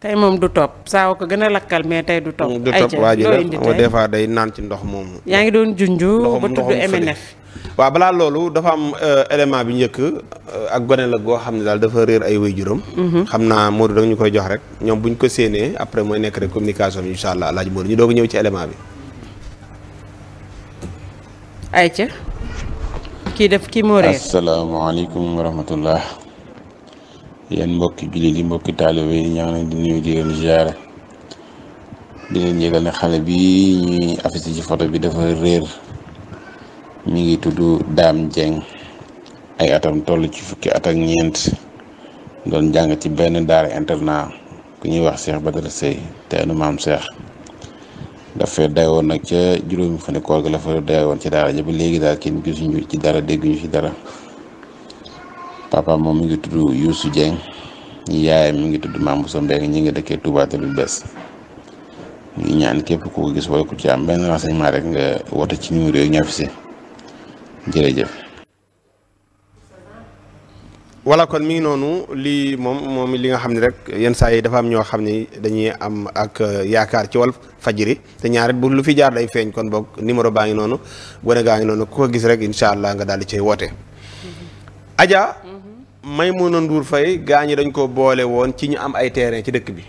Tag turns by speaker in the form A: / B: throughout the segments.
A: tey moom du topp saawa ko gën a
B: lakkal mais tey du topp. du topp waa ji la des fois day naan ci ndox moomu. yaa ngi doon junju ba tudd MNF. waaw balaa loolu dafa am euh, élément bi njëkk euh, ak gone la goo xam ne daal dafa réer ay waajuram. Mhm. xam naa Modou da ñu koy jox rek ñoom bu ñu ko séenee après mooy nekk rek communication bi incha allah alaaji Modou ñu doog ñëw ci élément bi.
A: ayca kii def kii moo réer.
B: asalaamaaleykum wa rahmatullah
C: yéen mbokki jullit yi mbokki taalibe yi ñaa ngi leen di nuyu di leen ziare ne xale bi ñuy affiché ci photo bi dafa réer mi ngi tudd daam Dieng ay atam toll ci fukki at ak ñeent doon jàng ci benn daar internat ku ñuy wax ba Badara Seye teenu maam Cheikh dafa day woon nag ca juróomi fan koor gi la fa woon ci daar ja ba léegi daal kenn gisuñu ci dara dégguñu ci dara papa moom mi ngi tudd Youssou Dieng yaayam mi ngi tudd Mame Bousso Mbengue ñi ngi dëkkee Touba Télé Bees ñaan képp ko gis wala ku ci am benn renseignement rek nga woote ci numéro yooyu ñu jërëjëf.
B: voilà kon mi ngi noonu lii moom moom li nga xam ne rek yenn saa yi dafa am ñoo xam ne dañuy am ak euh, yaakaar ci wal fajiri te ñaarit bu lu fi jaar day feeñ kon boog numéro baa ngi noonu gone gaa ngi noonu ku ko gis rek incha allah nga daal di cay woote. Mm-hmm. Mm-hmm. Maimouna Ndour fay gaa ñi dañ ko boole woon ci ñu am ay terrain ci dëkk bi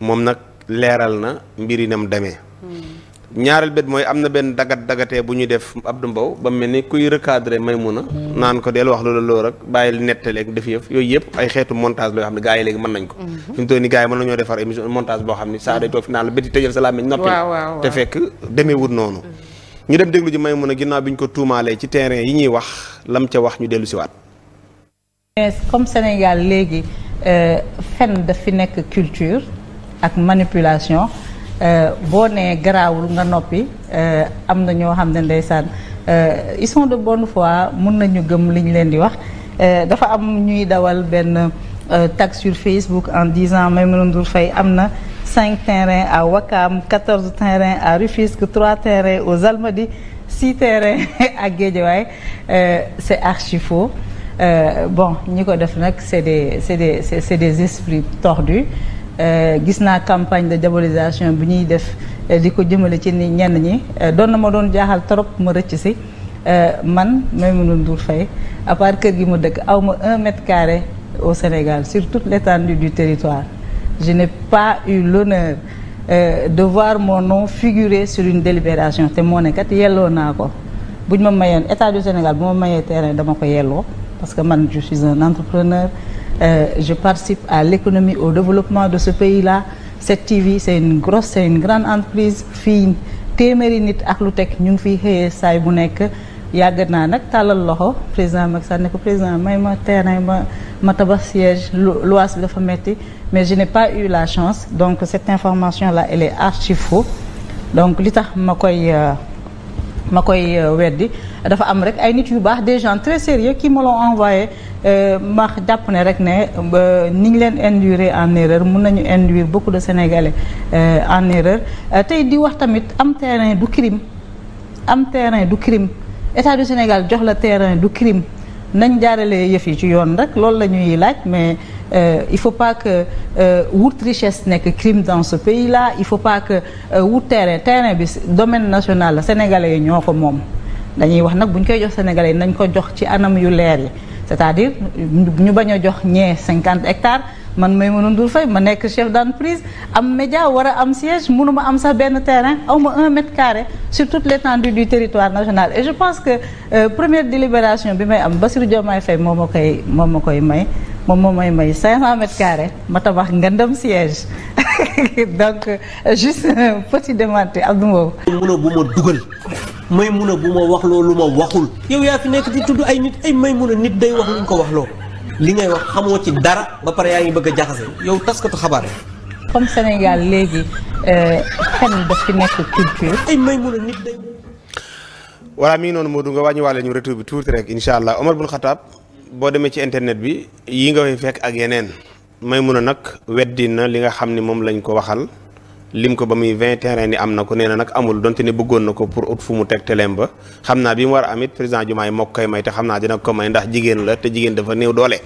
B: moom nag leeral na mbir yi nam demee hmm. ñaareel bët mooy am na benn dagat dagatee bu ñu def Abdou Mbow ba mel ni kuy recadrer Maimouna hmm. naan ko deel wax loola loo rek bàyyil nettali ak def yëf yooyu yëpp ay xeetu montage loo yoo xam ne gaa léegi mën nañ ko hmm. fi mu toll nii mën nañoo defar émission montage boo xam ne saa day toog fi naan la béti tëjal sa làmmiñ noppi te fekk demeewut noonu ñu bi ñu ko tuumaalee ci terrain yi ñuy wax lam ca wax ñu dellu siwaat
D: comme Sénégal léegi euh, fen daf fi nekk culture ak manipulation euh, boo nee garaawul nga noppi euh, am na ñoo xam ne ndeysaan ils sont de bonne foi mun nañu gëm li ñu leen di wax dafa am ñuy dawal benn tag sur Facebook en ans disant Maïmouna Ndour Faye am na cinq terrains à Wakam quatorze terrains à Rufisque trois terrains aux Almadies six terrains à Guédiawaye c'est archi faux Euh, bon ñi ko def nag c'est des c'est des c'est des esprits tordus euh, gis naa campagne de diabolisation bi ñuy def euh, di ko jëmale ci ni ñenn ñi doon na ma doon jaaxal trop ma rëcc si man Maïmouna Ndour Faye à part kër gi ma dëkk aw ma un mètre carré au Sénégal sur toute l'étendue du territoire je n'ai pas eu l'honneur Euh, de voir mon nom figurer sur une délibération te moo ne yelloo naa ko bu ñu ma mayoon état du Sénégal bu ma mayee terrain dama ko yelloo parce que man je suis un entrepreneur euh, je participe à l'économie au développement de ce pays-là 7TV c'est une grosse c'est une grande entreprise fii téeméeri nit ak lu teg ñu ngi fiy xëyee saay bu nekk yàgg naa nag tàllal loxo président Macky Sall ne ko président may ma terrain ma ma tabax siège luwaas bi dafa metti mais je n'ai pas eu la chance donc cette information là elle est archi donc li tax ma koy euh, ma koy euh, weddi dafa am rek ay nit yu baax des gens très sérieux qui me l'ont envoyé euh, ma jàpp ne rek ne ni ñu leen induire en erreur mun nañu induire beaucoup de Sénégalais euh, en erreur euh, tey di wax tamit am terrain du crime am terrain du crime état du Sénégal jox la terrain du crime nañ jaarale yëf yi ci yoon rek loolu la ñuy laaj mais Euh, il faut pas que wut euh, nekk crime dans ce pays là il faut pas que wut terrain terrain bi domaine national la sénégalais yi ñoo ko moom dañuy wax nag bu ñu koy jox sénégal sénégalais nañ ko jox ci anam yu leer yi c'est-à-dire ñu bañ a jox ñee cinquante hectares man may mën a ndur fay ma nekk chef d'entreprise am média war a am siège munuma am sax benn terrain aw ma un mètre carré sur toute l'étendue du territoire national et je pense que euh, première délibération bi may am Bassirou Diomaye Faye moo ma koy moom ma koy may moom moom may may 500 mètres carrés ma tabax ngëndam siège donc juste petit démenti Abdou Mbow. mun a bu ma dugal may mun bu ma wax loolu lu ma waxul. yow yaa fi nekk di tudd ay nit may mun a nit day wax lu ñu ko wax loo li ngay wax xamoo
B: ci dara ba pare yaa ngi bëgg a jaxase yow taskatu xabaar
D: comme Sénégal léegi euh, xel daf fi nekk culture. ay may mun a nit day.
B: voilà mi ngi noonu moo nga wàññiwaale ñu retour bi tuuti rek incha allah Omar bun Khattab. boo demee ci internet bi yi nga fay fekk ak yeneen Maymuna nag weddi na li nga xam ni moom lañ ko waxal lim ko ba muy vingt terrain ni am na ko nee na nag amul donte ne bëggoon na ko pour ut fu mu teg teleem ba xam naa bi mu war a président it président Diomaye moo koy may te xam naa dina ko may ndax jigéen la te jigéen dafa néew doole.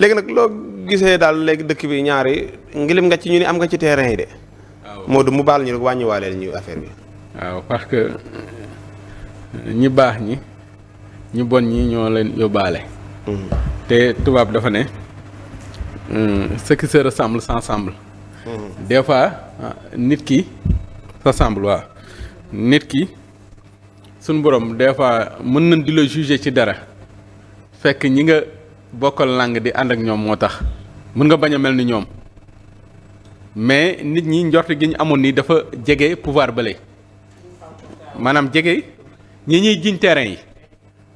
B: léegi nag loo gisee daal léegi dëkk bi ñaari ngilim nga ci ñu ni am nga ci terrain yi de. waaw Modou mu baal ñu rek wàññiwaale ñu affaire bi. parce que euh, ñi baax
E: ñi ñi bon ñi ñoo leen yóbbaale. te tubaab dafa ne euh, ce qui se ressemble s'assemble. des fois euh, nit ki s'assemble waaw nit ki suñ borom des fois mën nañ di la juger ci dara fekk ñi nga bokkal langue di ànd ak ñoom moo tax mën nga bañ a mel ni ñoom mais nit ñi njort gi ñu amoon nii dafa jege pouvoir bële maanaam jege ñi ñuy jiñ terrain yi.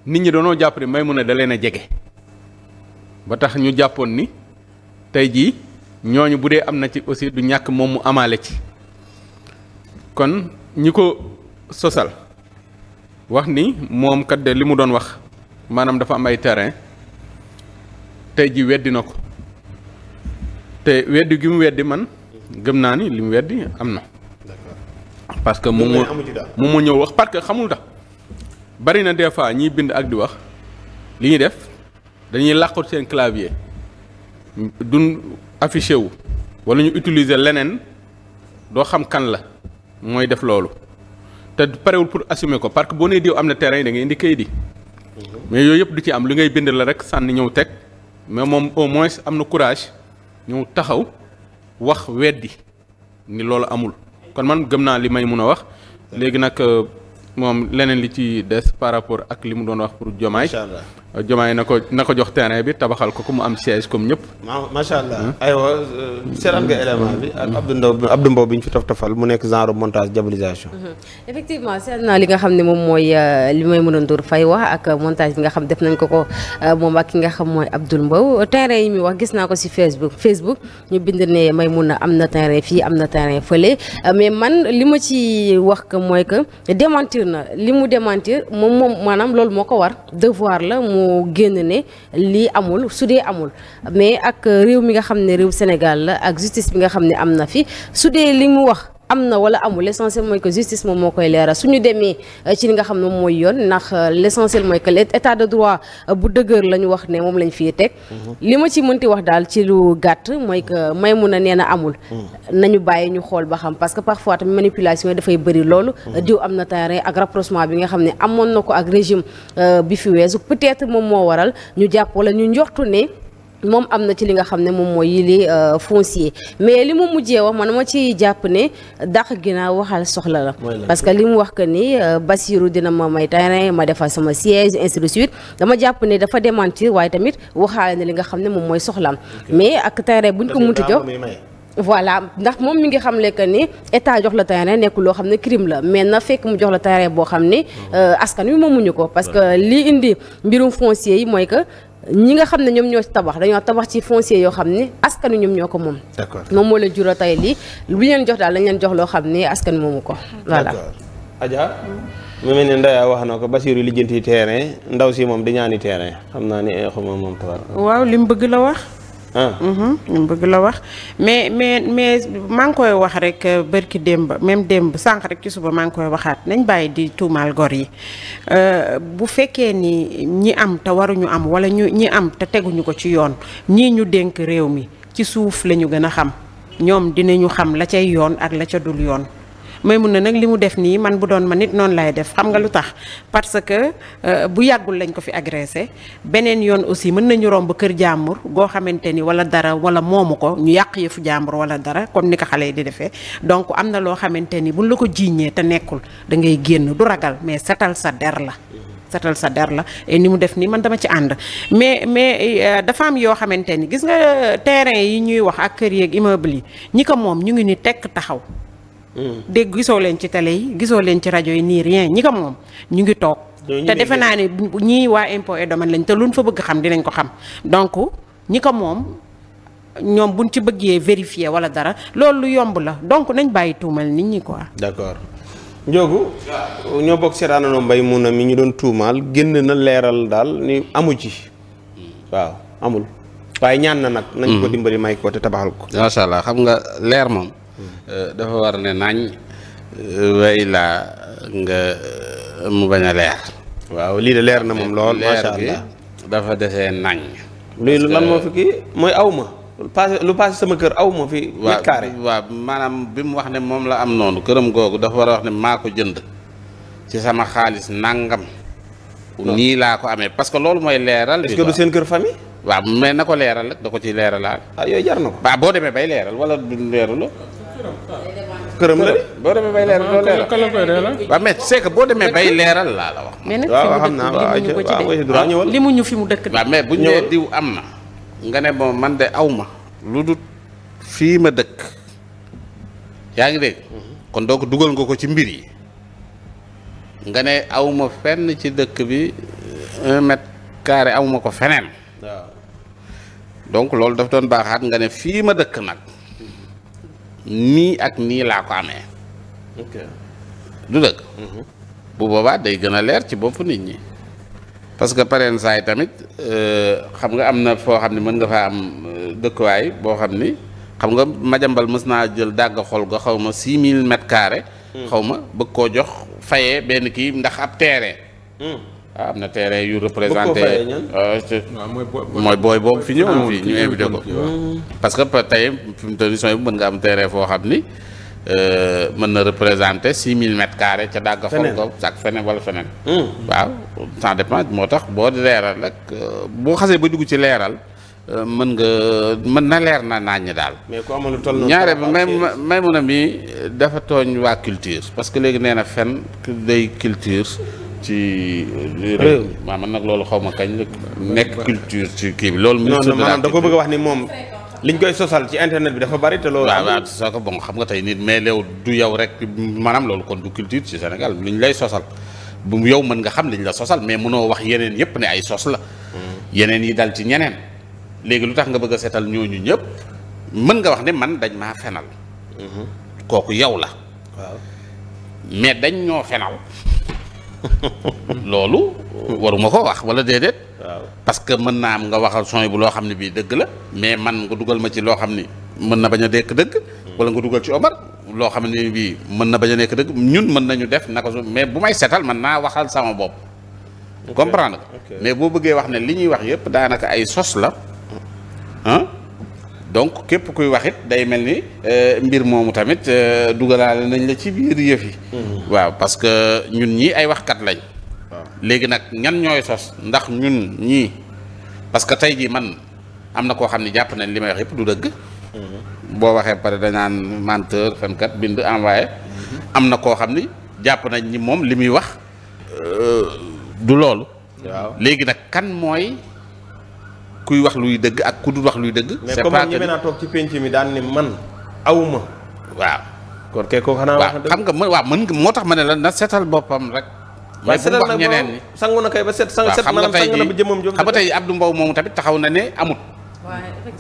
E: nit ñi doonoo jàpp ne Maymuna da leen a jege ba tax ñu jàppoon ni tey jii ñooñu bu dee am na ci aussi du ñàkk moom mu amaale ci kon ñi ko sosal wax ni moom kat de li mu doon wax maanaam dafa am ay terrain tey ji weddi na ko te weddi gi mu weddi man gëm naa ni li mu weddi am na parce que moom moo ñëw wax parce que xamul tax bari na des fois ñiy bind ak di wax li ñuy def dañuy làqut seen clavier duñ affiché wu wala ñu utiliser leneen doo xam kan la mooy def loolu te parewul pour assumer ko parce que boo nee diw am na terrain da ngay indi kayit yi mais yooyu yëpp du ci am li ngay bind la rek sànni ñëw teg mais moom au moins am na courage ñëw taxaw wax weddi ni loolu amul kon man gëm naa li may mun a wax léegi nag. Euh, moom leneen li ci des par rapport ak li mu doon wax pour Diomaye Diomaye na ko na ko jox terrain bi tabaxal ko ko mu am siège
B: comme ñëpp. macha allah aywa euh, seetaan nga élément bi ak Abdou Ndaw bi ñu fi taf tafal mu nekk genre montage diabolisation. Mhm.
F: effectivement seet naa li nga xam ne moom mooy euh, li may mun a ndur fay wax ak euh, montage bi nga xam def nañ ko ko moom ak ki nga xam mooy Abdou mbaw terrain yi muy wax gis naa ko si Facebook Facebook ñu bind ne may mun a am na terrain fii am na terrain fële mais man li ma ci wax que mooy que démentir na li mu démentir moom moom maanaam loolu moo ko war devoir la mu génn ne lii amul su dee amul mais ak réew mi nga xam ne réew Sénégal la ak justice bi nga xam ne am na fi su dee li mu wax am na wala amul l'essentiel mooy que justice moom moo koy leeral suñu demee euh, ci li nga xam ne mooy yoon ndax euh, l'essentiel mooy que l'état de droit euh, bu dëgër la wax ne moom lañ fii teg mhm. li ma ci mënti wax daal ci lu gàtt mooy que may mun a nee na amul mhm. nañu bàyyi ñu xool ba xam parce que parfois tamit manipulation yi dafay bëri loolu mhm. diw am na terrain ak rapprochement bi nga xam ne amoon na ko ak régime bi fi weesu peut-être moom moo waral ñu jàpp wala ñu ne moom am na ci li nga xam ne moom mooy yili euh, foncier mais li ma mujjee wax man ma ci jàpp ne dàq ginnaaw waxal soxla la. parce que li mu wax que ni euh, Bassirou dina ma may terrain ma defal sama siège ainsi de dama jàpp ne dafa démentir waaye tamit waxaale na li nga xam ne moom mooy soxlaam. mais ak bu buñ ko muntu jox voilà ndax moom mi ngi xam le que ni état jox la terrain nekk loo xam ne crime la mais na fekk mu jox la terrain boo xam ni euh, askan wi moomuñu ko parce que li indi mbirum foncier yi mooy que ñi nga xam ne ñoom ñoo ci tabax dañoo tabax ci foncier yoo xam ne askanu ñoom ñoo ko moom. d'accord moom moo leen jura tey lii bu ñu leen jox daal dañ leen jox loo xam ne askan moomu ko. voilà
B: Adja. mu mel ne Ndaya wax na ko Basiru lijjanti terrain ndaw si moom di ñaani terrain xam naa ne eh, xuma moom tabar.
F: waaw li mu bëgg la wax.
B: Ah.
A: Mhm, ñu bëgg la wax mais mais mais maa ngi koy wax rek euh, bërki démb même démb sànq rek ci suba maa ngi koy waxaat nañ bàyyi di tuumaal gor yi euh, bu fekkee ni ñi am te waruñu am wala ñu ñi am te teguñu ko ci yoon ñii ñu dénk réew mi ci suuf la ñu gën a xam ñoom dinañu xam la cay yoon ak la ca dul yoon mun na nag li mu def nii man bu doon ma nit noonu lay def xam nga lu tax parce que euh, bu yàggul lañ ko fi agressé beneen yoon aussi mën nañu romb kër jàmbur goo xamante ni wala dara wala moomu ko ñu yàq yëfu jàmbur wala dara comme ni ko xale yi di defee donc am na loo xamante ni buñ la ko jiiñee te nekkul da ngay génn du ragal mais setal sa der la setal sa der la et ni mu def nii man dama ci ànd mais mais euh, dafa am yoo xamante ni gis nga terrain yi ñuy wax ak kër yeeg immeuble yi ñi ko moom ñu ngi ni tekk taxaw dégg gisoo leen ci télé yi gisoo leen ci rajo yi nii rien ñi ko moom ñu ngi toog. te defe naa ne ñii waa impôt et domaine lañ te luñ fa bëgg xam dinañ ko xam donc ñi ko moom. ñoom buñ ci bëggee vérifier wala dara loolu lu yomb la donc nañ bàyyi tuumal nit ñi quoi.
B: d'accord Ndiogu ñoo bokk seetaanandoo mbay mu na mi ñu doon tuumaal génn na leeral daal ni amu ci waaw amul waaye ñaan na nag. nañ ko mm. dimbali may ko te tabaxal ko. macha allah xam nga leer moom.
E: Euh, dafa war ne
C: nañ euh, way laa nga euh, mu bañ a leer. waaw lii de leer na moom lool. leer gi dafa desee nañ. luy lan moo
B: fi kii mooy aw ma. paase lu paase sama kër aw ma fi. waaw carré waaw maanaam bi mu wax ne moom
C: la am noonu këram googu dafa war a wax ne maa ko jënd ci sama xaalis nangam. nii laa ko amee parce que loolu mooy leeral. est-ce du seen kër famille. waa mais na ko leeral rek da ko ci leeralaal. ah yooyu jar na ko. waaw boo demee bay leeral wala du leeraloo. këram la boo demee
E: bay leeral doo leeral
C: waaw mais c'est boo demee bay leeral laa la wax. mais nag xam naa waaw li mu ñu fi mu dëkk waaw mais bu ñu diw am na nga ne bon man de aw ma lu dul fii ma dëkk yaa ngi de kon doo ko dugal nga ko ci mbir yi nga ne aw ma fenn ci dëkk bi euh, un mètre carré ko feneen donc loolu daf doon baaxaat nga ne fii ma dëkk nag nii ak nii laa ko amee. du dëgg. Mhm. bu boobaa day gën a leer ci bopp nit ñi. parce que pareen saa yi tamit euh, xam nga am na foo xam ne mën nga faa am euh, dëkkuwaay boo xam ni xam nga Madiambal mës naa jël dàgg xol ga xaw ma mille mètres carrés. Mhm. xaw ma bëgg koo jox fayee benn kii ndax ab teere ah am na terrain yu représenté ah, mooy booy boobu fi ñëwoon ah, fii ñu invité ko mm. parce que tey fi mu toll nii mën nga am terrain foo xam ni euh, mën na représenté six mille mètres carrés ca dàgga fon ko sàkk feneen wala feneen mm. waaw ça dépend moo tax boo leeral rek euh, boo xasee ba dugg ci leeral euh, mën nga mën na leer naa naañ ñi daal ñaare bi may may mun a mi dafa tooñ waa culture parce que léegi nee na fen day culture ci euh, réew mi man nag loolu xaw ma kañ la nekk culture ci kii bi loolu. ministre non non ko bëgg a wax ni moom. liñ koy sosal ci internet bi dafa bari te loolu. waaw waaw soo ko bon xam nga tey nit mais léew du yow rek maanaam loolu kon du culture ci Sénégal liñ lay sosal bu yow mën nga xam liñ la sosal mais mënoo wax yeneen yëpp ne ay sos la. Hmm. yeneen yi dal ci ñeneen. léegi lu tax nga bëgg a seetal ñu ñëpp mën nga wax ne man dañ maa fenal. Hmm. kooku yow la. mais dañ ñoo fenal. loolu waruma ko wax wala déedéet. waaw parce que mën naa am nga waxal son bu loo xam ne bii dëgg la mais man nga dugal ma ci loo xam ni mën na bañ a dekk dëgg. wala nga dugal ci Omar loo xam ne bii mën na bañ a nekk dëgg ñun mën nañu def naka su mais bu may seetal mën naa waxal sama bopp. comprendre mais boo bëggee wax ne li ñuy wax yëpp daanaka ay sos la. donc képp kuy wax it day mel ni euh, mbir moomu tamit euh, dugalaale nañ la ci biir yëf yi. Mm-hmm. waaw parce que ñun ñii ay waxkat lañ. léegi nag ñan ñooy sos ndax ñun ñii parce que tey jii man am na koo xam ne jàpp nañ li may wax yëpp du dëgg. Mm-hmm. waxee pare dañaan menteur fenkat bind envoyé. Mm-hmm. am na koo xam ni jàpp nañ ni moom li muy wax. Euh, du loolu. waaw léegi nag
B: kan mooy.
C: kuy wax luy dëgg ak ku dul wax luy
B: dëgg. c'est pas que mais naa toog ci penc mi daan ni man awma waaw kon kay ko xanaa. wax xam
C: nga ma waaw mën nga moo tax ma ne la na setal boppam rek.
B: mais bu wax ñeneen ñi sangu na kay ba set. sang set maanaam sang na ba
C: jëmmam jëm xam nga tey Abdou Mbow moomu tamit taxaw na ne amut.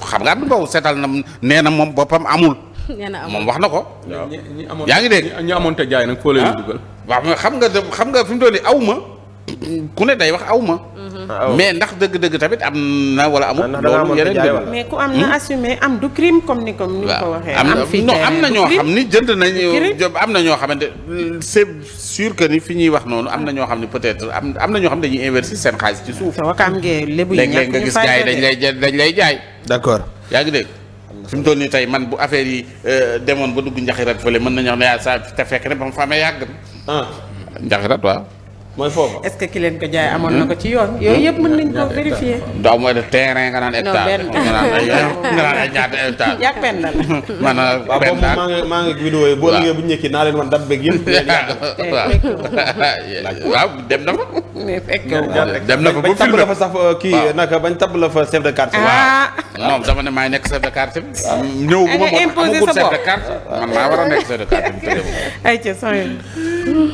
C: xam nga Abdou Mbow seetal na nee na moom boppam amul.
F: moom wax
C: na ko. yaa ngi dégg ñi amoon te jaay nag foo leen ah. dugal. waaw xam nga xam nga fi mu doon aw ma ku ne day wax aw ma Ah, mais ndax dëgg-dëgg tamit am na wala amul. Ah, loolu yeneen dëgg
A: mais ku am na hmm? assumé am du crime comme ni comme ni ko waxee. am fi non am na ñoo xam
C: ni jënd am na ñoo xamante c'est sûr que ni fi ñuy wax noonu am na ñoo xam ne peut-être am am na ñoo xam dañuy investir seen xaalis ci suuf. am ngeen lébu yi ñàkk nga gis gars yi dañ lay dañ lay jaay. d'accord yaa ngi dégg. fi mu toll nii tey man bu affaire yi euh, demoon ba dugg njaxirat fële mën nañu wax ne yaa ah, sa te fekk rek ba mu fa amee yàgg. njaxirat waaw. mooy foofu est-ce que ki leen ko jaay amoon na ko ci yoon. yooyu
A: yëpp mën nañ ko vérifier.
C: daaw mooy de terrain
B: maa ngi vidéo yi boo liggéey bu ñu naa leen wan date beeg yëpp. dem na fa.
C: dem na fa bu filmé
B: bañ tab la fa sax euh, kii naka bañ tab la fa chef de quartier. ah non dama ne maay nekk chef de quartier bi. Ah, ñëw bu ma amagul chef de quartier
C: man maa war a nekk chef de
B: quartier bi.
A: ayca sooy.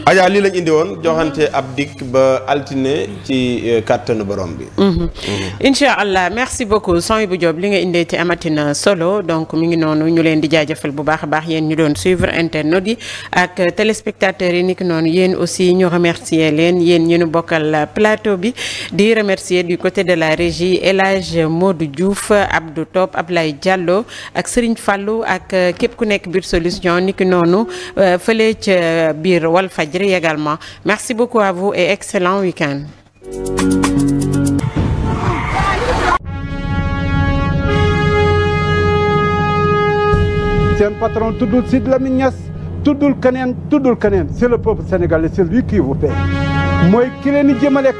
B: Adja lii lañ indi woon joxante ab dikk ba altine ci euh, kàttanu borom bi.
A: Mhm. Mhm. incha allah merci beaucoup sooy bu Diop li nga indee ci amatina solo donc mu ngi noonu ñu leen di jaajëfal bu baax a baax yéen ñu doon suivre internet yi ak téléspectateurs yi niki noonu yéen aussi ñu remercier leen yéen ñu nu bokkal plateau bi di remercier du côté de la régie El Hadj Modou Diouf Abdou Top lay Diallo ak Serigne Fallou ak euh, képp ku nekk biir solution niki noonu euh, fële ca biir Walfadjri également merci beaucoup vous et excellent week-end.
E: seen patron tuddul Sid Lamine dul
D: tuddul keneen tuddul keneen c'est le peuple sénégalais c'est lui qui vous paie mooy ki leen di jëmale